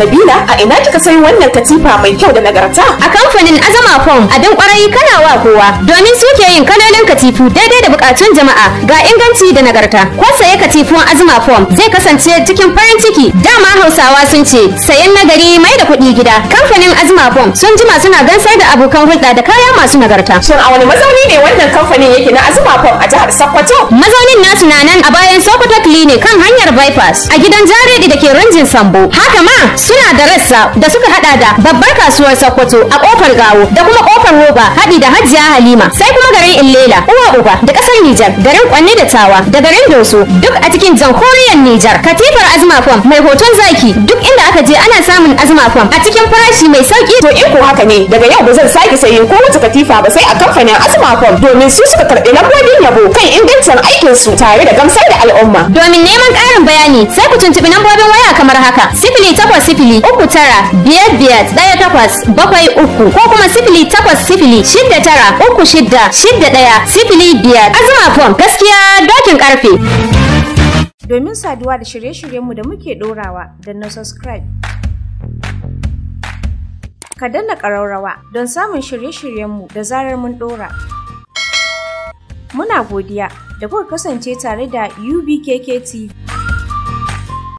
Nabila a ina kika sai wannan katifa mai kyau da nagarta? A kamfanin Azama Form a don kwarai kana wa kowa domin suke yin kalolin katifu daidai da bukatun jama'a ga inganci da nagarta. Ko saye katifun Azama Form zai kasance cikin farin ciki. Dama Hausawa sun ce sayan nagari mai da kuɗi gida. Kamfanin Azama Form sun jima suna gansar da abokan hulɗa da kaya masu nagarta. Shin a wani mazauni ne wannan kamfanin yake na Azama Form a jihar Sokoto? Mazaunin nasu na nan a bayan Sokoto Clinic kan hanyar bypass a gidan Jaredi da ke ranjin Sambo. Haka ma suna da rassa da suka hada da babbar kasuwar Sokoto a kofar Gawo da kuma kofar Roba haɗi da Hajiya Halima sai kuma garin Illela uwa uba da kasar Nijar garin Kwanne da Tawa da garin Doso duk a cikin jamhuriyar Nijar katifar Azma Farm mai hoton zaki duk inda aka je ana samun Azma Farm a cikin farashi mai sauki to in ko haka ne daga yau ba zan sake sayin ko wata katifa ba sai a kamfanin Azma Farm domin su suka karbi lambobin yabo kan ingancin aikin su tare da gamsar da al'umma domin neman ƙarin bayani sai ku tuntubi lambobin waya kamar haka sifili takwas sifili uku tara biyar biyar ɗaya takwas bakwai uku ko kuma sifili takwas sifili shidda tara uku shidda shidda ɗaya sifili biyar azuma fom gaskiya dokin karfe. Domin saduwa da shirye-shiryenmu da muke ɗorawa da na subscribe. Ka danna ƙaraurawa don samun shirye-shiryenmu da zarar mun ɗora. Muna godiya da kuka kasance tare da UBKK TV.